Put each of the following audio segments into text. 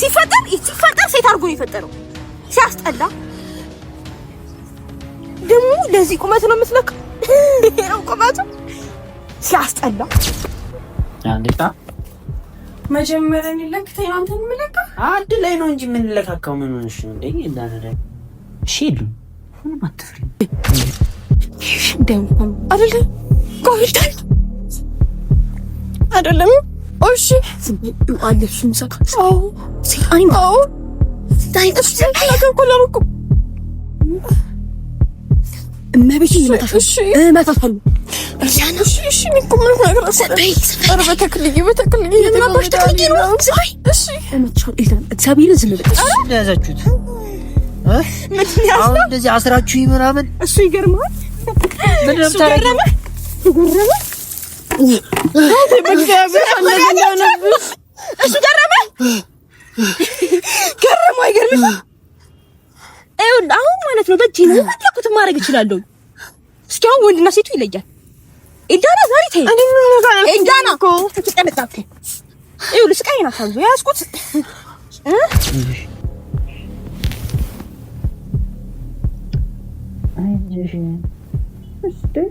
ሲፈጠር ሲፈጠር ሴት አድርጎ የፈጠረው ሲያስጠላ። ደግሞ ለዚህ ቁመት ነው የምትለካው። ይሄ ነው ቁመቱ። ሲያስጠላ እንዴታ መጀመሪያ እንለክተኝ አንተ የምለካ አድ ላይ ነው እንጂ የምንለካካው። ምን ሆነሽ ነው እንዴ? እንዳነደ ሺል ሁሉም አትፍሪ ደም አይደለም አይደለም እሺ እንደዚህ አስራችሁ ምናምን እሱ ይገርማል። እሱ ገረመ ገረመ አይገርምሽም? አሁን ማለት ነው በእጄ ነው የፈለኩትን ማድረግ እችላለሁ። እስኪ አሁን ወንድና ሴቱ ይለያል። ኤልዳና ዛሬ ተይ፣ ኤልዳና ተቀመጣፍ። ይኸውልህ ስቃይ ናት አንዱ የያዝኩት እ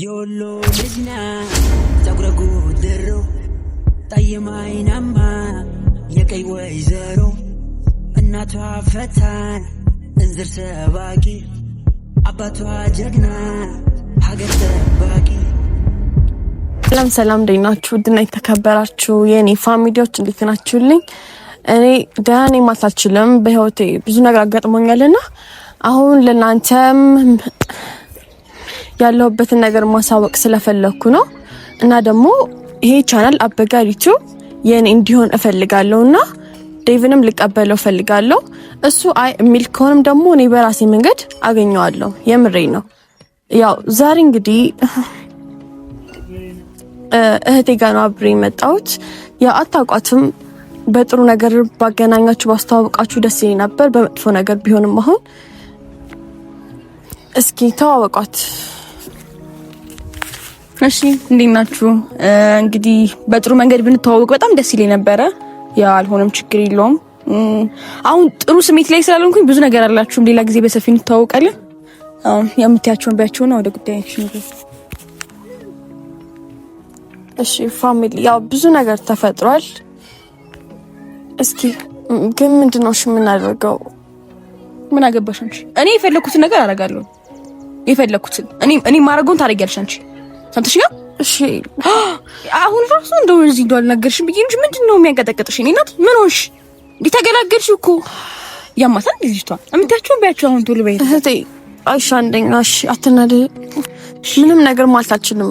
የወሎ ልጅ ናት ፀጉረ ጉድሮ ጠይማ አይናማ የቀይ ወይዘሮ እናቷ ፈታን እንዝር ሰባቂ አባቷ ጀግና ሀገር ጠባቂ ሰላም ሰላም፣ እንዴት ናችሁ? ውድና የተከበራችሁ የእኔ ፋሚሊዎች እንዴት ናችሁልኝ? እኔ ደህና ነኝ ማለት አልችልም። በህይወቴ ብዙ ነገር አጋጥሞኛልና አሁን ለእናንተም ያለሁበትን ነገር ማሳወቅ ስለፈለግኩ ነው እና ደግሞ ይሄ ቻናል አበጋሪቱ የኔ የእኔ እንዲሆን እፈልጋለሁ እና ዴቭንም ልቀበለው እፈልጋለሁ። እሱ አይ የሚል ከሆነም ደግሞ እኔ በራሴ መንገድ አገኘዋለሁ። የምሬ ነው። ያው ዛሬ እንግዲህ እህቴ ጋር ነው አብሬ የመጣሁት። አታውቋትም። በጥሩ ነገር ባገናኛችሁ ባስተዋወቃችሁ ደስ ይለኝ ነበር። በመጥፎ ነገር ቢሆንም አሁን እስኪ ተዋወቋት። እሺ፣ እንዴት ናችሁ? እንግዲህ በጥሩ መንገድ ብንተዋወቅ በጣም ደስ ይለኝ ነበረ። ያ አልሆነም፣ ችግር የለውም። አሁን ጥሩ ስሜት ላይ ስላልሆንኩኝ ብዙ ነገር አላችሁም። ሌላ ጊዜ በሰፊ እንተዋወቃለን። የምትያቸውን ነው ወደ ጉዳያችን እሺ ፋሚሊ፣ ያው ብዙ ነገር ተፈጥሯል። እስኪ ግን ምንድን ነው እሺ የምናደርገው? ምን አገባሽ አንቺ? እኔ የፈለኩትን ነገር አደርጋለሁ። የፈለኩትን እኔ እኔ ማድረገውን ታደርጊያለሽ አንቺ። ሰምተሽ ጋር እሺ። አሁን ራሱ እንደው እዚህ እንደው አልነገርሽም ብዬሽ እንጂ ምንድን ነው የሚያንቀጠቅጥሽ? እኔ እናት ምን ሆንሽ? እንዲተገላገልሽ እኮ ያማታል። ልጅቷ እምታችሁን ቢያችሁ አሁን ቶሎ በይ እህቴ። አይሻ አንደኛ እሺ፣ አትናደድ። ምንም ነገር ማለት አልችልም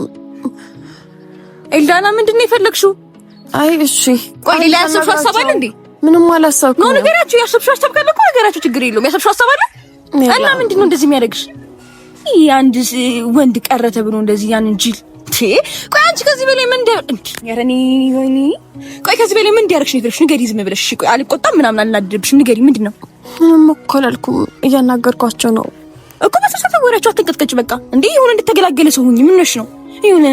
ኤልዳና ምንድን ነው የፈለግሽው? አይ እሺ፣ ቆይ ሌላ ያሰብሽው ሀሳብ አለ እንዴ? ምንም አላሰብኩም ነው። ንገሪያቸው። ያሰብሽው ሀሳብ ካለ እኮ ነገራችሁ፣ ችግር የለውም። ያሰብሽው ሀሳብ አለ እና ምንድን ነው እንደዚህ የሚያደርግሽ? አንድ ወንድ ቀረ ተብሎ እንደዚህ ያንን ጅል ቆይ አንቺ ከዚህ በላይ ምን እንደ ኧረ እኔ ወይኔ፣ ቆይ ከዚህ በላይ ምን እንዲያደርግሽ ነው የፈለግሽው? ንገሪ ዝም ብለሽ። ቆይ አልቆጣም ምናምን አልናደድብሽም? ንገሪ፣ ምንድን ነው? ምንም እኮ አላልኩም፣ እያናገርኳቸው ነው እኮ በሰሰፈ ወሬያቸው አትንቀጥቀጭ። በቃ እንዴ የሆነ እንድትገላገለ ሰው ሁኚ። ምንሽ ነው ይሁን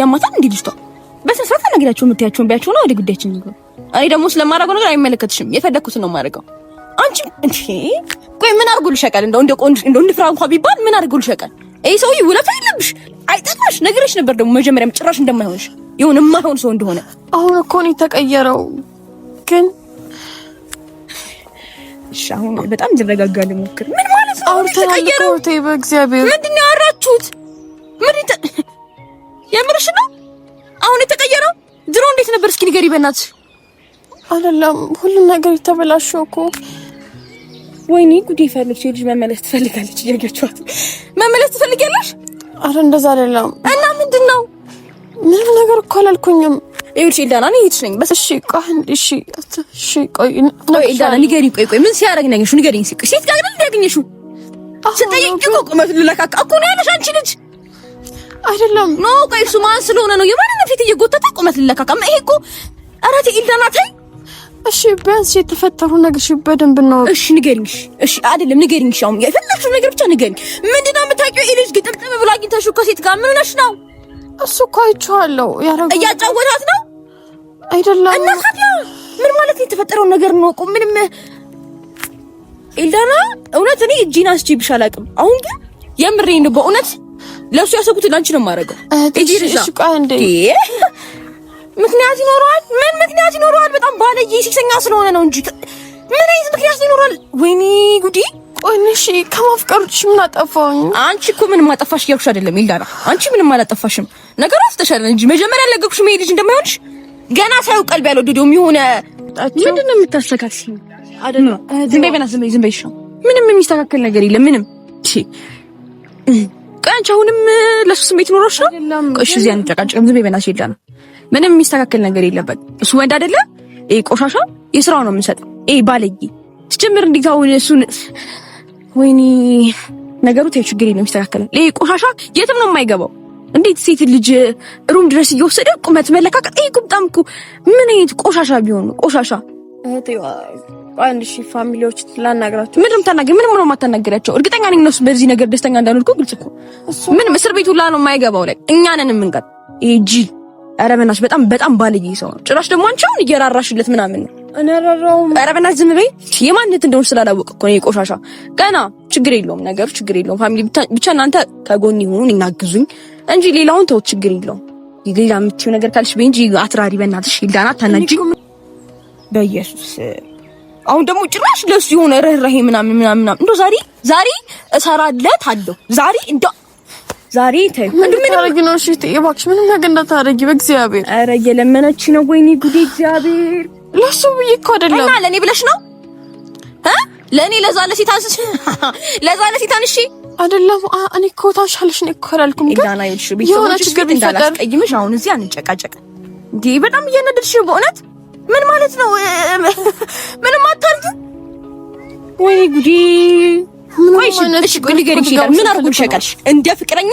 ያማታል እንዴ ልጅቷ። በሰሰፈ ነገራቸው የምትያቸውን ቢያቸው ነው ወደ ጉዳያችን ነው። አይ ደግሞ ስለማደርገው ነገር አይመለከትሽም። የፈለግኩትን ነው የማደርገው። አንቺ እንዴ ቆይ ምን አድርጎልሽ ያውቃል? እንደው እንደ ቆንጆ እንደው እንድፍራ እንኳን ቢባል ምን አድርጎልሽ ያውቃል? ይሄ ሰውዬ ውለታ የለብሽ አይጠቅምሽ። ነግሬሽ ነበር ደግሞ መጀመሪያም ጭራሽ እንደማይሆንሽ የሆነ የማይሆን ሰው እንደሆነ። አሁን እኮ ነው የተቀየረው ግን እሺ አሁን በጣም እንድረጋጋ ልሞክር። ምን ማለት ነው? አውርተናል እኮ ተይ፣ በእግዚአብሔር ምንድን ነው ያወራችሁት? ምን የምርሽ ነው? አሁን የተቀየረው ድሮ እንዴት ነበር? እስኪ ንገሪ በእናትሽ። አይደለም ሁሉም ነገር የተበላሸው እኮ። ወይኔ ጉዴ! ፈለግሽ ልጅ መመለስ ትፈልጋለች። እያያችኋት መመለስ ትፈልጊያለሽ? አረ እንደዛ አይደለም። እና ምንድን ነው? ምንም ነገር እኮ አላልኩኝም ይኸውልሽ ኤልዳና እኔ ይህች ነኝ። በስ እሺ፣ ቆይ እሺ፣ እሺ፣ ቆይ ኤልዳና ንገሪኝ። ቆይ ቆይ፣ ምን ሲያደርግ ነው ያገኘሽው? ንገሪኝ። ሲቅ ሴት ጋር ግን ያገኘሽው ስጠይቅ እኮ ቁመት ልለካካ እኮ ነው ያለሽ አንቺ ልጅ አይደለም። ኖ ቆይ፣ እሱ ማን ስለሆነ ነው የማንን ፊት እየጎተተ ቁመት ልለካካ? ይሄ እኮ ኧረ ተይ ኤልዳና ተይ። እሺ ቢያንስ የተፈጠሩ ነገር በደንብ ነው። እሺ ንገሪኝሽ። እሺ አይደለም ንገሪኝሽ። አሁን የፈለግሽው ነገር ብቻ ንገሪኝ። ምንድነው የምታውቂው? ይሄ ልጅ ግጥምጥም ብላ አግኝተሽው ከሴት ጋር ምን ሆነሽ ነው? እሱ እኮ አይቼዋለሁ። እያጫወታት ነው አይደለም? እና ታዲያ ምን ማለት ነው? የተፈጠረውን ነገር እንወቁ። ምንም ኤልዳና፣ እውነት እኔ እጄን አስቼብሽ አላውቅም። አሁን ግን የምሬ ነው። በእውነት ለእሱ ያሰብኩትን ለአንቺ ነው የማደርገው። ምክንያት ይኖረዋል። ምን ምክንያት ይኖረዋል? በጣም ባለየ ሴሰኛ ስለሆነ ነው እንጂ ምን አይነት ምክንያት ይኖረዋል? ወይኔ ጉዴ ቆይ እሺ፣ ከማፍቀር ምን አጠፋኝ? አንቺ እኮ ምንም አጠፋሽ እያልኩሽ አይደለም ኤልዳና፣ አንቺ ምንም አላጠፋሽም። ነገር አፍተሻል እንጂ መጀመሪያ ያለገብኩሽ ይሄ ልጅ እንደማይሆንሽ ገና ሳይው ቀልብ ያለው ዱዱም የሆነ ምንድን ነው የምታስተካክል? አይደለም ዝም በይ፣ ዝም በይ፣ ዝም በይ። ምንም የሚስተካከል ነገር የለም። ምንም እሺ። ቆይ አንቺ አሁንም ለሱ ስሜት ኖሮሽ ነው? እሺ፣ እዚህ አንጨቃጨቅም። ዝም በይ በእናትሽ ኤልዳና፣ ምንም የሚስተካከል ነገር የለበት። እሱ ወንድ አይደለ? ይሄ ቆሻሻ የስራው ነው የምንሰጠው። ይሄ ባለጌ እንዴት አሁን እሱን ወይኔ ነገሩ ተይ፣ ችግር የለም ይስተካከላል። ይሄ ቆሻሻ የትም ነው የማይገባው። እንዴት ሴት ልጅ ሩም ድረስ እየወሰደ ቁመት መለካከት? ይሄ በጣም እኮ ምን አይነት ቆሻሻ ቢሆን ነው ቆሻሻ። አንድ ሺህ ፋሚሊዎች ላናግራቸው። ምንም ታናገር ምንም ነው የማታናገሪያቸው። እርግጠኛ ነኝ እነሱ በዚህ ነገር ደስተኛ እንዳልሆን እኮ ግልጽ እኮ። ምንም እስር ቤት ሁላ ነው የማይገባው። ላይ እኛ ነን የምንቀር። ይሄ ጅል ኧረ በናትሽ በጣም በጣም ባልዬ ሰው ነው። ጭራሽ ደግሞ አንቺ አሁን እየራራሽለት ምናምን ነው ኧረ በእናትሽ ዝም በይ። የማንነት እንደሆነ ስላላወቅ እኮ ነው የቆሻሻ ገና። ችግር የለውም ነገሩ ችግር የለውም። ፋሚሊ ብቻ እናንተ ከጎን ይሁኑ እናግዙኝ እንጂ ሌላውን ተውት፣ ችግር የለውም። ሌላ የምትይው ነገር ካልሽ በይ እንጂ አትራሪ። በእናትሽ ይልዳና ታናጂ በኢየሱስ አሁን ደግሞ ጭራሽ ለሱ የሆነ ርህራሄ ምናምን ምናምን እንደው ዛሬ ዛሬ እሰራለት አለው ዛሬ እንደው ዛሬ ተይ እንድታረጊ ነው። እሺ እባክሽ ምንም ነገር እንዳታረጊ በእግዚአብሔር። ኧረ እየለመነች ነው። ወይኔ ጉዴ እግዚአብሔር ለሱ ብዬ እኮ አይደለም። እና ለኔ ብለሽ ነው እ ለኔ ለዛ ለሴት አንስሽ ለዛ ለሴት አንሺ አይደለም። አ እኔ እኮ ታንሻለሽ ነው እኮ አላልኩም። ግን የሆነ ችግር እንዳላስቀይምሽ አሁን እዚህ አንጨቃጨቅ እንዴ። በጣም እያነደድሽ በእውነት ምን ማለት ነው? ምንም አታርጊ ወይ ጉዲ ምን ማለት ነው? እሺ ምን አርጉልሽ ሸቀልሽ እንደ ፍቅረኛ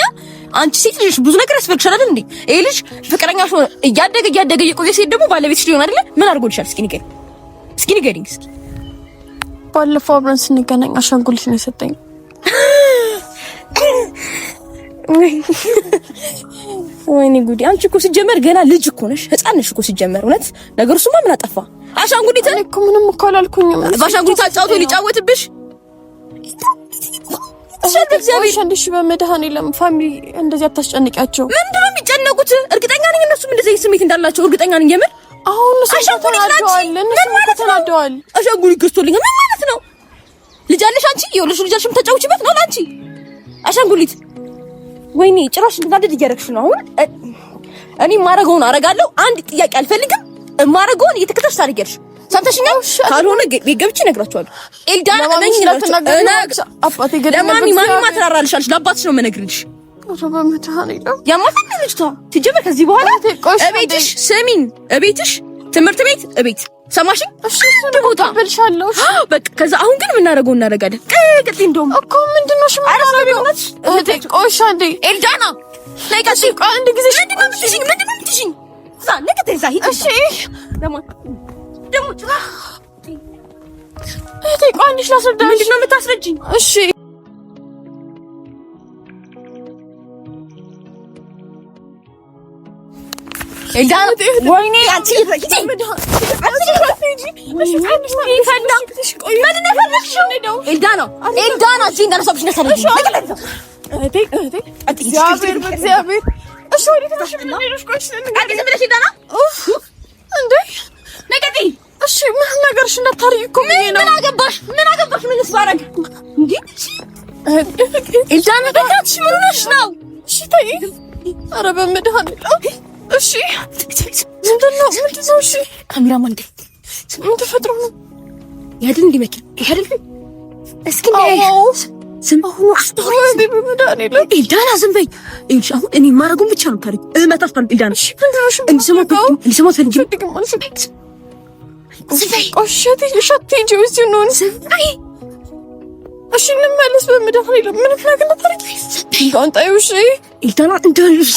አንቺ ሴት ልጅ ብዙ ነገር ያስፈልግሻል አይደል እንዴ? ይሄ ልጅ ፍቅረኛ ሆኖ እያደገ እያደገ የቆየ ሴት ደግሞ ባለቤትሽ ሊሆን አይደለ? ምን አድርጎልሻል? እስኪ ንገሪኝ፣ እስኪ ንገሪኝ። እስኪ ባለፈው አብረን ስንገናኝ አሻንጉሊት ነው የሰጠኝ። ወይኔ ጉዴ! አንቺ እኮ ሲጀመር ገና ልጅ እኮ ነሽ፣ ህፃን ነሽ እኮ ሲጀመር። እውነት ነገር ስማ ምን አጠፋ? አሻንጉሊት እኮ ምንም እኮ አላልኩኝም። በአሻንጉሊት አጫውቶ ሊጫወትብሽ ይሰጥሻል። በእግዚአብሔር እሺ፣ በመድኃኔዓለም ፋሚሊ እንደዚህ አታስጨንቂያቸው። ምንድን ነው የሚጨነቁት? እርግጠኛ ነኝ እነሱም እንደዚህ ስሜት እንዳላቸው እርግጠኛ ነኝ። የምር አሁን ተናደዋል። አሻንጉሊት ገዝቶልኝ ምን ማለት ነው? ልጅ አለሽ አንቺ፣ የወለድሽው ልጅ አለሽ፣ የምታጫውቺበት ነው ለአንቺ አሻንጉሊት። ወይኔ ጭራሽ እንዳደድ እያደረግሽ ነው አሁን። እኔ የማደርገውን አደርጋለሁ። አንድ ጥያቄ አልፈልግም። የማደርገውን እየተከተልሽ ታደርጊያለሽ ሰምተሽኛል? ካልሆነ ገብቼ እነግራቸዋለሁ። ኤልዳና ነኝ ለማሚ ማሚ ማትራራልሻለች። ለአባትሽ ነው የምነግርልሽ። የማፈን ልጅቷ ትጀምር ከዚህ በኋላ እቤትሽ፣ ስሚኝ፣ እቤትሽ፣ ትምህርት ቤት፣ እቤት ሰማሽ? ቦታ በቃ ከዛ አሁን ግን የምናደርገው እናደርጋለን። ቅጥ እንደውም እኮ ምንድን ነው ኤልዳና አንድ ጊዜ ደግሞ እህቴ ቆይ አንቺ ላስረዳ። ምንድን ነው የምታስረጅኝ? እሺ ወይኔ አንቺ ነው እሺ ምን ነገርሽ? ታሪኩም ይሄ ነው። ምን አገባሽ? ምን አገባሽ? ምን ልስባረግ እንዴ? እሺ ኢልዳና ደካትሽ ምን ሆነሽ ነው? እሺ ተይ። ኧረ በመድኃኒዓለም እሺ። ምንድን ነው? ምንድን ነው? እሺ ካሜራማን እንዴ ምን ተፈጥሮ ነው? ያድን እንዲ መኪና ያድን እስኪ ዝም ኢልዳና ዝም በይ እንጂ። አሁን እኔ ማረጉን ብቻ ነው ታሪክ እመጣታለሁ። ኢልዳና እሺ ዝፈይ ሻቴንጅ ስ ነሆን ዝፈይ እሺ፣ እንመለስ በምደፍር የለም ምን ፍላግና ታሪክ ቋንጣዩ እሺ፣ ኢልዳና እንደልብስ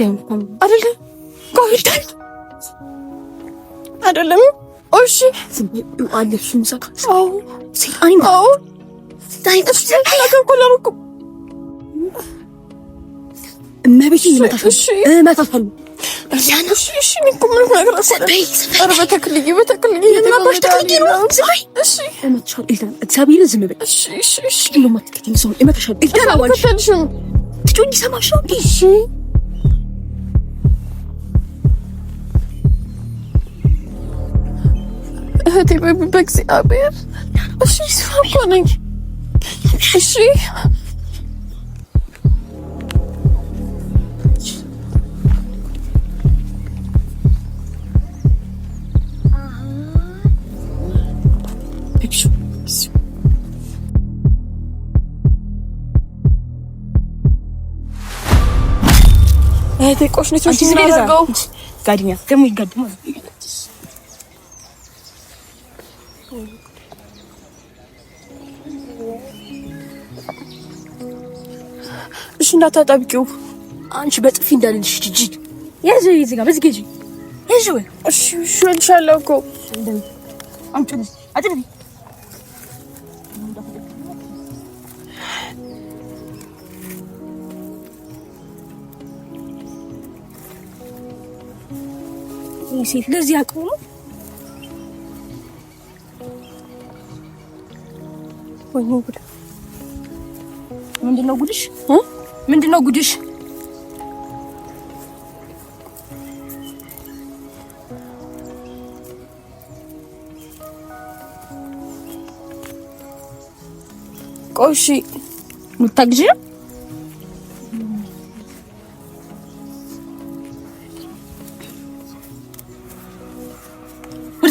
ደምም አደለ ጎልዳል አደለም። እሺ፣ አለብሱን ሰካ እመቤቴ ይመታሻል፣ እመታሻል ነው። እህቴ በእግዚአብሔር እሺ፣ እሷ እኮ ነኝ። እሺ ጋድኛ ደግሞ ይጋድማል። እሺ እንዳታጠብቂው አንቺ በጥፊ እንዳልልሽ ጅጅግ ያዙ ይዚ ጋር በዚህ ገጂ እሺ እሺ እሺ እልሻለሁ እኮ ሴት ለዚህ አቅሙ ነው ወይ? ጉድ! ምንድነው ጉድሽ? ምንድነው ጉድሽ? ቆይ እሺ፣ ነው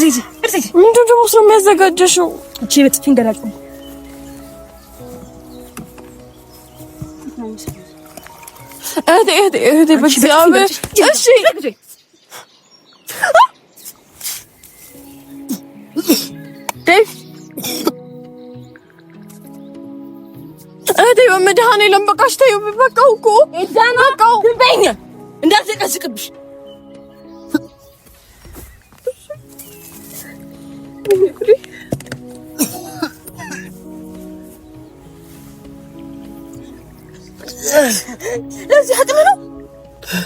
Arrivederci. Arrivederci. Un giorno sono mezza gaggiasciù. Ci vedi, fin dall'altro. Hadi hadi hadi abi. Her şey. Dave. እህቴ በመድኃኔዓለም በቃሽታ በቃው እኮ በቃው ትበኛ እንዳትቀስቅብሽ ለዚህ አጥም ነው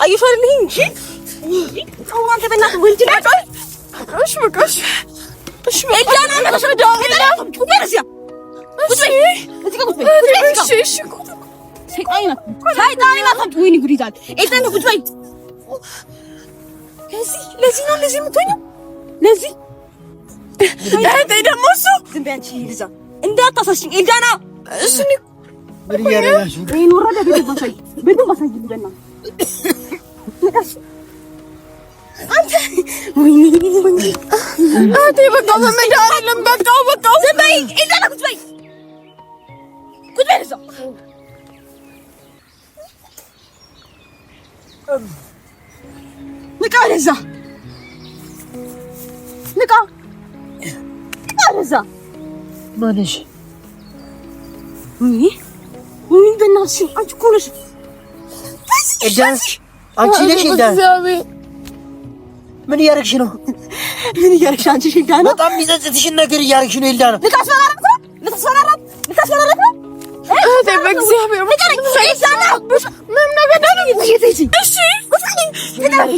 አየሽ እንጂ አንተ በእናትህ ወልጅ እሺ በቃ እሺ፣ እሺ በቃ ለዚህ ነው ለዚህ የምትሆኝው ለዚህ እህቴ ደግሞ እሱ ዝም በይ አንቺ ልዛ እንዳታሳሽኝ ኤልዳና እሱ ንቃ Arıza! Barış. Ne? Onun de nasıl aç konuş. E, aç ançıyla şeyden. abi. Beni yarık şunu. Beni yarık şancı şeyden. Adam bize ne geri yarık şunu elden. Ne kaç var arasın? Ne kaç var arasın? Ne kaç var arasın? Demek istemiyorum. Ne kadar güzel ne yapmış? Ne ne kadar güzel. ne Bu senin. Ne kadar?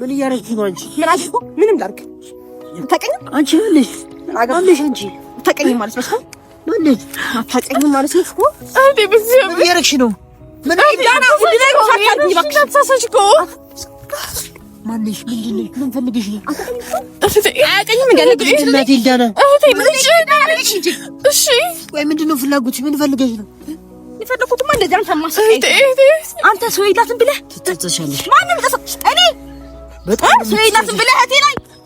Beni yarık şunu ançı. Merak etme. Benim dark. አታውቀኝም አንቺ ልጅ አጋምልሽ እንጂ ማለት ነው። ማለሽ ምን ፈልገሽ ነው? አንተ ሰው የላትም ብለህ ትጠጥሻለሽ። ማንም እኔ በጣም ሰው የላትም ብለህ እህቴ ላይ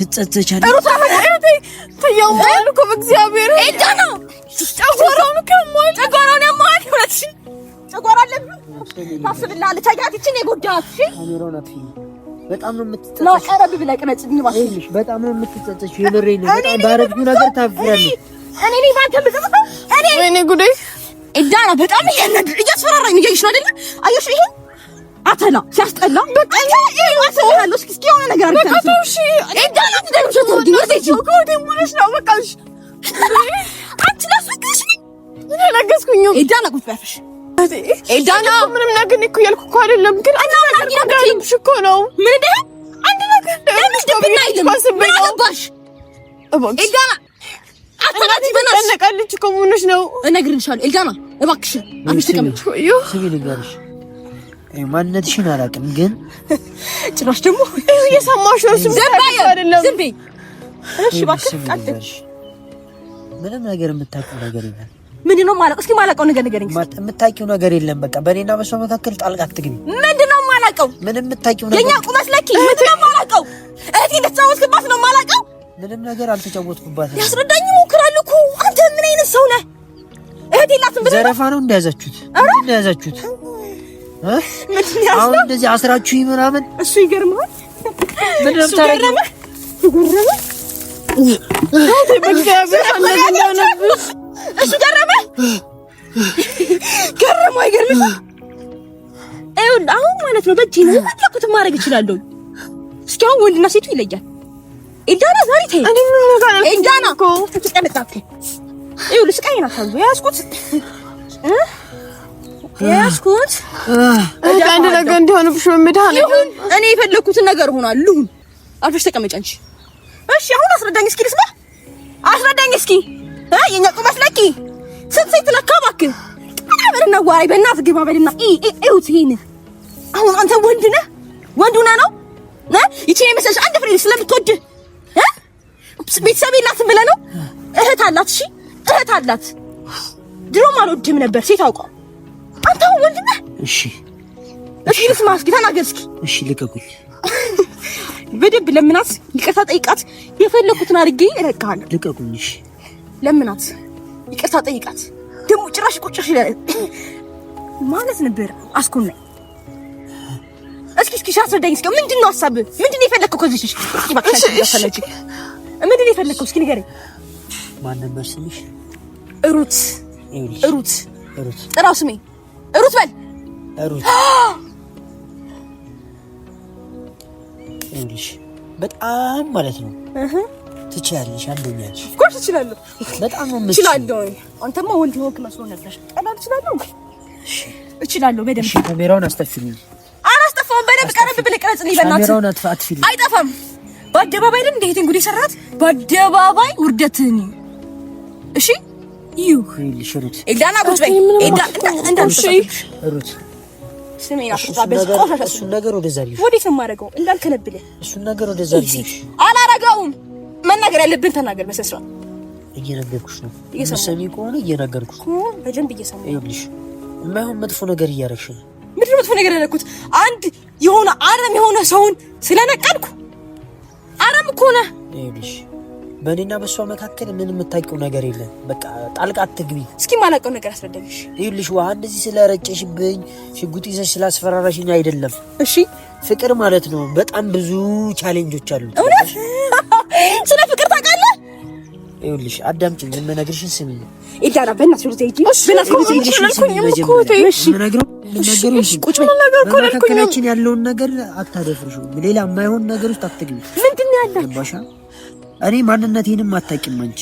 ትጸጸቻለሽ። ሩታ ፍቅርቴ ትያሟል እኮ በእግዚአብሔር እጅ ነው። ጨጓራውን ከሟል ጨጓራውን ያሟል ሁለትሽ ጨጓራ አለብህ ታስብልሃለች። አያት ይችን የጎዳት እሺ፣ በጣም ነው የምትጸጸች። ቀረብ ብላ ቅረጭልኝ እባክሽ። በጣም ነው የምትጸጸች። የምሬን ነው። በጣም ባረግሽው ነገር ታፍራለሽ። እኔ እኔ ባንተ ብዘምታ እኔ ወይኔ ጉዴ ኤዳና በጣም እያስፈራራኝ እያየሽ ነው አይደለ? አየሽ ይሄ አተላ ሲያስጠላ በቃ ነው። እነግርልሻለሁ ኤልዳና እባክሽን ማንነትሽን አላውቅም፣ ግን ጭራሽ ደግሞ እየሰማሽ ነው። ስም አይደለም። ዝም በይ እሺ፣ እባክሽ። ምንም ነገር የምታውቂው ነገር የለም። ምን ነው ማለቀው? እስኪ ማለቀው ነገር ንገረኝ። የምታውቂው ነገር የለም። በቃ በእኔና በሷ መካከል ጣልቃ አትግቢ። ምንድን ነው ማለቀው? ምንም የምታውቂው ነገር የኛ ቁመት ለኪ ምንድን ነው የማላውቀው? እህቴ እንደተጫወትክባት ነው ማለቀው። ምንም ነገር አልተጫወትኩባትም። ያስረዳኝ እሞክራለሁ እኮ አንተ ምን አይነት ሰው ነህ? እህቴ ላትም ዘረፋ ነው እንደያዛችሁት እንደያዛችሁት አሁን እንደዚህ አስራችሁ ምናምን እሱ ይገርማል። እሱ አሁን ማለት ነው በእጄ ነው የፈለኩትን ማድረግ እችላለሁ። እስኪ አሁን ወንድና ሴቱ ይለያል። ኤልዳና ዛሬ ተይ፣ ኤልዳና ይኸውልህ ስቃዬን አታብዙ። ያዝኩት የያዝኩት አንድ ነገር እንዲሆንብሽ መድኃኒት እኔ የፈለኩትን ነገር ሆኗል። ልሁን አርፈሽ ተቀመጫ እንጂ እሺ። አሁን አስረዳኝ እስኪ ልስማ፣ አስረዳኝ እስኪ የእኛ ቁመት ለኪ ስንት ሴት ለካ እባክህ አብርና ዋይ በእናትህ ግባ በልና እዩት። ይሄን አሁን አንተ ወንድ ነህ፣ ወንድ ሆነህ ነው ይቺን የመሰለሽ አንድ ፍሬ ስለምትወድ ቤተሰብ የላትም ብለህ ነው። እህት አላት፣ እሺ እህት አላት። ድሮም አልወድም ነበር ሴት አውቀው አንተ ወንድ ነህ። እሺ እሺ፣ ልስማ እስኪ ተናገር እስኪ። እሺ ልቀቁኝ። በደንብ ለምናት፣ ይቅርታ ጠይቃት። የፈለኩትን አድርጌ እለቅሃለሁ። ልቀቁኝ። እሺ ለምናት፣ ይቅርታ ጠይቃት። ደግሞ ጭራሽ ቁጭሽ ይላል ማለት ነበር። አስኮና እስኪ እስኪ አስረዳኝ። እስኪ ምንድን ነው ሀሳብህ? ምንድን ነው የፈለከው ከዚህ? እሺ እሺ እሺ ምንድን ነው የፈለከው? እስኪ ንገረኝ። ማን ነበር ስምሽ? ሩት ሩት ሩት። ጥራው ስሜ ሩት በል ሩት። ይኸውልሽ በጣም ማለት ነው ትችያለሽ። አንደኛ ኮርስ ትችላለሁ። በጣም ነው ምን ትችላለሁ። አንተማ ወንድ ሆንክ መስሎ ነበር። ቀላል ትችላለሁ። እችላለሁ በደንብ። ካሜራውን አስጠፊልኝ። አላስጠፋውም። በደንብ ቀረብ ብለህ ቅረጽልኝ። በእናትህ ካሜራውን አትፊልኝ። አይጠፋም። በአደባባይ ልን እንዴት እንግዲህ ሰራት። በአደባባይ ውርደትህን እሺ አላረገውም። መናገር ያለብን ተናገር። በስስራ እየነገርኩሽ ነው። እየሰማኝ ከሆነ እየነገርኩሽ ነው። በደንብ እየሰማኝ ይኸውልሽ፣ የማይሆን መጥፎ ነገር እያደረግሽ ነው። ምንድን ነው መጥፎ ነገር ያደረግኩት? አንድ የሆነ አረም የሆነ ሰውን ስለነቀልኩ አረም እኮ ነህ። ይኸውልሽ በእኔና በእሷ መካከል ምን የምታውቂው ነገር የለም። በቃ ጣልቃ አትግቢ። እስኪ ማላውቀው ነገር አስረዳሽ። ይኸውልሽ ውሃ እንደዚህ ስለረጨሽብኝ ሽጉጥ ይዘሽ ስላስፈራራሽኝ አይደለም። እሺ ፍቅር ማለት ነው በጣም ብዙ ቻሌንጆች አሉት። እውነት ስለ ፍቅር ታውቃለህ? ይኸውልሽ አዳምጪኝ፣ የምነግርሽን ስሚ። ኢዳና በእናትሽ ወደ ሂጂ። በመካከላችን ያለውን ነገር አታደፍርሽው። ሌላ የማይሆን ነገር ውስጥ አትግቢ። ምንድን ነው ያለ እኔ ማንነቴንም አታውቂም። አንቺ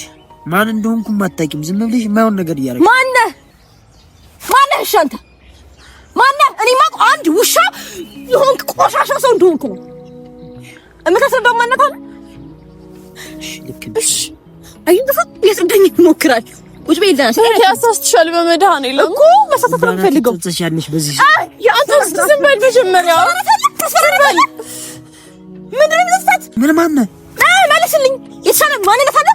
ማን እንደሆንኩም አታውቂም። ዝም ብለሽ የማይሆን ነገር እያደረግሽ ማነህ? ማነህ? እሺ አንተ ማነህ? እኔ ማውቀው አንድ ውሻ የሆንክ ቆሻሻ ሰው እንደሆንኩ ነው የምታስረዳው። ማነት አለ እሺ አይንተፈ ሊያስገኝ ይሞክራል። ቁጭ በይ ደህና ሰው ያሳስትሻል። በመድኃኒዓለም እኮ መሳሳት ነው የምፈልገው። ትጽሻለሽ በዚህ የአንተ ዝም በል መጀመሪያ ምን ማነህ መልስልኝ። የተሻለ ማንነት አለ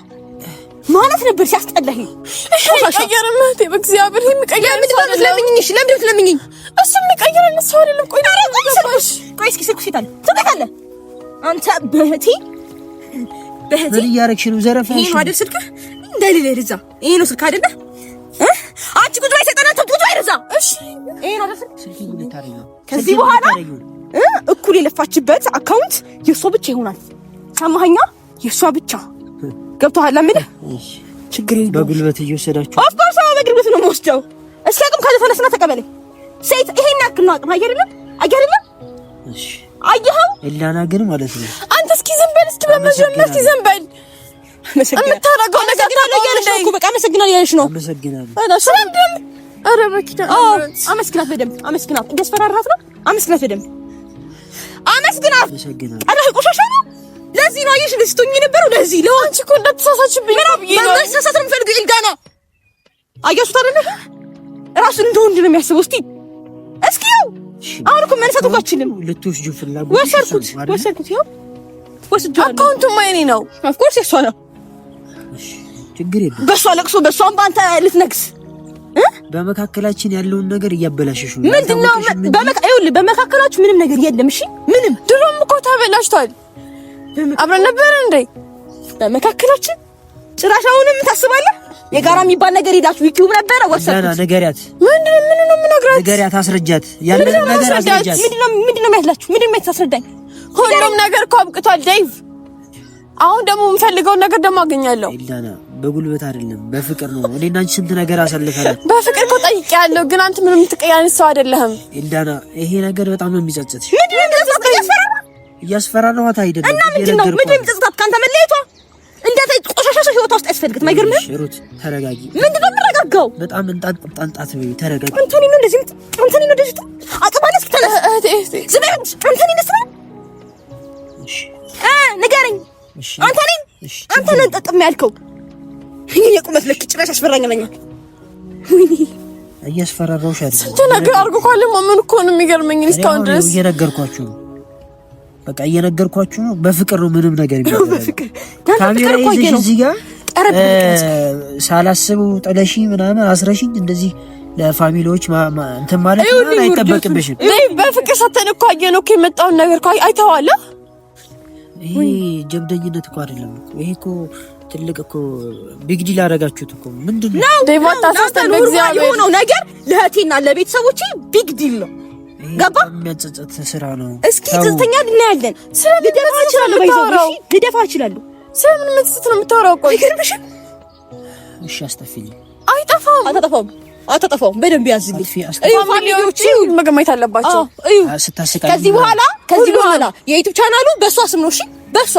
ማለት ነበር። ሲያስጠላኝ አይቀየርም። በእግዚአብሔር የሚቀየር ለምኝሽ፣ ለምንድን ለምኝኝ? እሱ የሚቀየር ሰው አይደለም። ቆይ ቆይ፣ እስኪ ስልኩ ሲታል ትቀታለህ አንተ እያደረግሽ ነው ይሄ አይደል ይሄ ነው አይደለ? አንቺ አንተ እሺ ይሄ ነው ከዚህ በኋላ እኩል የለፋችበት አካውንት የእሷ ብቻ ይሆናል። ሰማኸኛ? የእሷ ብቻ ገብቶሃል አይደል? ችግር የለውም። በጉልበት እየወሰዳችሁ ኦፍኮርስ፣ አዎ በግልበት ነው የምወስደው። እስኪ አቅም ካለ ተነስና ተቀበለኝ። ሴት ይሄን ያክል ነው አቅም። አየህ አይደል? እሺ አየኸው። እላና ግን ማለት ነው አንተ እስኪ ዝም በል እስኪ፣ በመጀመር እስኪ ዝም በል። የምታደርገው ነገር ታደርግ ያለሽ ነው እኮ በቃ። አመሰግናለሁ ያለሽ ነው። አመሰግናለሁ ሰላም ደም አረ ኧረ በኪታ አመስግናት፣ በደምብ አመስግናት። እያስፈራራት ነው። አመስግናት በደምብ አመስግናት። ቀለህ ቆሻሻ ነው ለዚህ ነው አየሽ፣ ልስቶኝ የነበረው ለዚህ ነው። አንቺ እኮ እንዳትሳሳችብኝ ነው የምፈልገው። ኤልዳና አያችሁት አይደለ? እራሱ እንደ ወንድ ነው የሚያስበው። እስቲ እስኪ ያው አሁን እኮ መንሳት እኮ አችልም። ወሰድኩት ወሰድኩት፣ ያው ወስጄዋለሁ። አካውንቱ የእኔ ነው። ኦፍ ኦፍኮርስ የእሷ ነው። በእሷ ለቅሶ በእሷም በአንተ ልትነግስ በመካከላችን ያለውን ነገር እያበላሸሽ ነው። ምንድን ነው በመካከላችሁ? ምንም ነገር የለም። እሺ ምንም ድሮም እኮ ተበላሽቷል። አብረን ነበር እንዴ? በመካከላችን ጭራሽ አሁንም ታስባለህ? የጋራ የሚባል ነገር ሄዳችሁ ዩቲዩብ ነበረ ወሰድኩት። ና ነገሪያት። ምን ምን ነው የምነግራት? ነገሪያት፣ አስረጃት። ያለ ነገር አስረጃት። ነው ምንድነው ምንድነው የሚያስላችሁ? ነው የሚያስረዳኝ? ሁሉም ነገር እኮ አብቅቷል ዴቭ። አሁን ደግሞ የምፈልገውን ነገር ደግሞ አገኛለሁ። ኢላና በጉልበት አይደለም በፍቅር ነው። እኔ እና አንቺ ስንት ነገር አሳልፈናል። በፍቅር እኮ ጠይቄያለሁ፣ ግን አንተ ምንም ትቀያንስ ሰው አይደለህም። ኢላና ይሄ ነገር በጣም ነው የሚጸጽት። የሚጸጽትሽ። ነው እያስፈራራኋት አይደለም። እና ምንድን ነው ምድር የምትጽታት ካንተ መለየቷ እንደዚህ ቆሻሻ ህይወቷ ውስጥ አያስፈልግም። አይገርምህም? ሩት ተረጋጊ። ምንድን ነው የምረጋጋው? በጣም እንጣን ጣንጣት ነው። ተረጋጊ። አንተኒ ነው እንደዚህ አንተኒ ነው እንደዚህ አጥባለስ ከተለህ ዝም አንተኒ ነው ስራ እሺ እ ንገረኝ አንተኒ አንተ ነህ ጠጥም ያልከው ይሄ የቁመት ልክ ጭራሽ አስፈራኝ ወይኔ እያስፈራራሁሽ አይደል? ስትነግር አድርጎ ካለ ማመን እኮ ነው የሚገርመኝ እስካሁን ድረስ እየነገርኳችሁ ነው በቃ እየነገርኳችሁ ነው። በፍቅር ነው ምንም ነገር ካሜራ ይዘሽ እዚህ ጋር ሳላስበው ጥለሺ ምናምን አስረሽኝ እንደዚህ ለፋሚሊዎች እንትን ማለት አይጠበቅብሽም። በፍቅር ሳተንኳየ ነው የመጣውን ነገር አይተዋለ። ይሄ ጀብደኝነት እኮ አይደለም ይሄ እኮ ትልቅ እኮ ቢግዲ ላደረጋችሁት እኮ ምንድን ነው ነገር ለእህቴና ለቤተሰቦቼ ቢግዲል ነው ገባ የሚያጸጸት ስራ ነው። እስኪ ጸጸተኛ እናያለን። ስራ ልደፋ እችላለሁ፣ ልደፋ እችላለሁ። ስራ ምን መጸጸት ነው የምታወራው? ቆይ ይገርምሻል። እሺ አስጠፊልኝ። አይጠፋም፣ አታጠፋም አታጠፋውም በደንብ ያዝልኝ። ፋሚሊዎቹ መገመት አለባቸው። ከዚህ በኋላ ከዚህ በኋላ የዩቲዩብ ቻናሉ በእሷ ስም ነው። እሺ በእሷ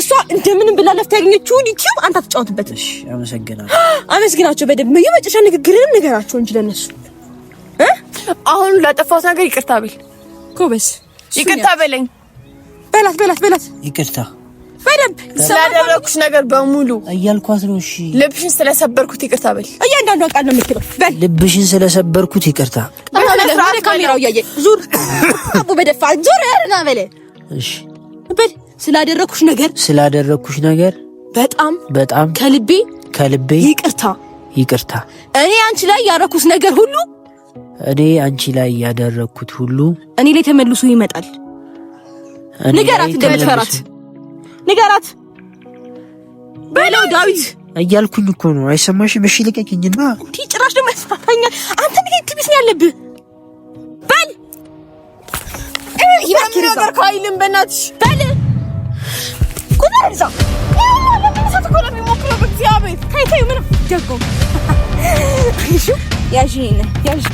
እሷ እንደምንም ብላ ለፍታ ያገኘችውን ዩቲዩብ አንተ አትጫወትበት። እሺ አመሰግናለሁ። በደንብ የመጨረሻ ንግግርህን ንገራቸው እንጂ ለነሱ አሁን ላጠፋሁት ነገር ይቅርታ በል። ጎበዝ ይቅርታ በለኝ። በላት በላት በላት ይቅርታ በደንብ ስላደረኩሽ ነገር በሙሉ እያልኳት ነው። እሺ ልብሽን ስለሰበርኩት ይቅርታ በል። እያንዳንዷ ቃል ነው የምትለው። በል ልብሽን ስለሰበርኩት ይቅርታ። ካሜራው እያየ ዙር አቡ በደፋ ዙር ያረና በለ። እሺ በል ስላደረኩሽ ነገር ስላደረኩሽ ነገር በጣም በጣም ከልቤ ከልቤ ይቅርታ ይቅርታ። እኔ አንቺ ላይ ያረኩት ነገር ሁሉ እኔ አንቺ ላይ ያደረግኩት ሁሉ እኔ ላይ ተመልሶ ይመጣል። ንገራት፣ እንደምትፈራት ንገራት በለው ዳዊት እያልኩኝ እኮ ነው። አይሰማሽም? እሺ ልቀቅኝና እንዴ! ጭራሽ ደግሞ ያስፋፋኛል። አንተ ምን ትቢስ ያለብህ? በል ይባክሪ ነገር ካይልም በእናትሽ በል ያሽ ያሽ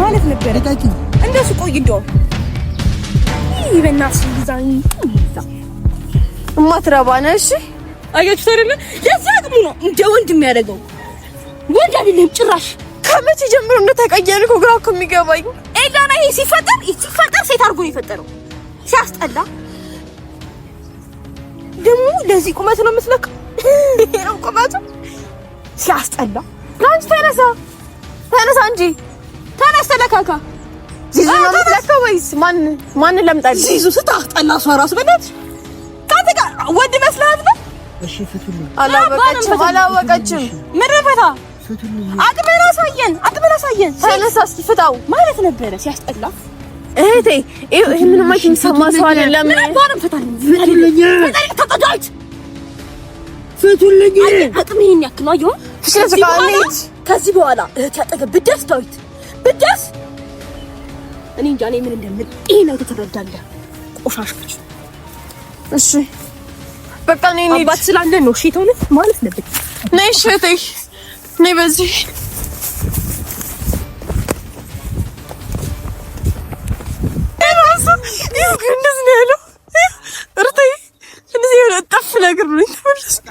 ማለት ነበር። ነበረ። እንደሱ ቆይ እንደው ይህ በእናትሽ ዲዛይን እማትረባ ነው። እሺ አያችሁት አይደለ? የዚህ አቅሙ ነው እንደ ወንድ የሚያደርገው ወንድ አይደለም ጭራሽ። ከመቼ ጀምሮ እንደተቀየርኩ ግራ እኮ የሚገባኝ ኤላና። ይሄ ሲፈጠር ሲፈጠር ሴት አድርጎ ነው የፈጠረው። ሲያስጠላ ደግሞ ለዚህ ቁመት ነው የምትለካው። ይሄ ነው ቁመቱ። ሲያስጠላ። ተነሳ ተነሳ እንጂ ተነስ ተለካካ ዚዙ ወይስ ማን ማን ለምጣል ዚዙ ስታ ጠላ እሷ እራሱ በእናትሽ ካንተ ጋር ወንድ መስላት ነው። እሺ ፍቱልኝ። አላወቀችም አላወቀችም። ምን ፈታ አቅሜን አሳየን አቅሜን አሳየን። ተነስ እስኪ ፍታው ማለት ነበረ ሲያስጠላ እህቴ ይሄ ምንም የሚሰማ ሰው አይደለም። ምን አባንም ፈታኝ ፍቱልኝ፣ ተቀዳጅ ፍቱልኝ። አቅሜን ያክል ነው። አየሁ ከዚህ በኋላ እህቴ አጠገብ ብደርስ ዳዊት ብትደስ እኔ እንጃ እኔ ምን እንደምል ይሄ ነው ትረዳለህ። ቆሻሾች እሺ በቃ ነኝ ነኝ አባት ስላለ ነው እሺ ተውነ ማለት ነበር። ነይ እሺ ነይ በዚህ እንደዚህ ነው ያለው። እርተይ እንደዚህ የሆነ ጠፍ ነገር ነው የተመለሰው።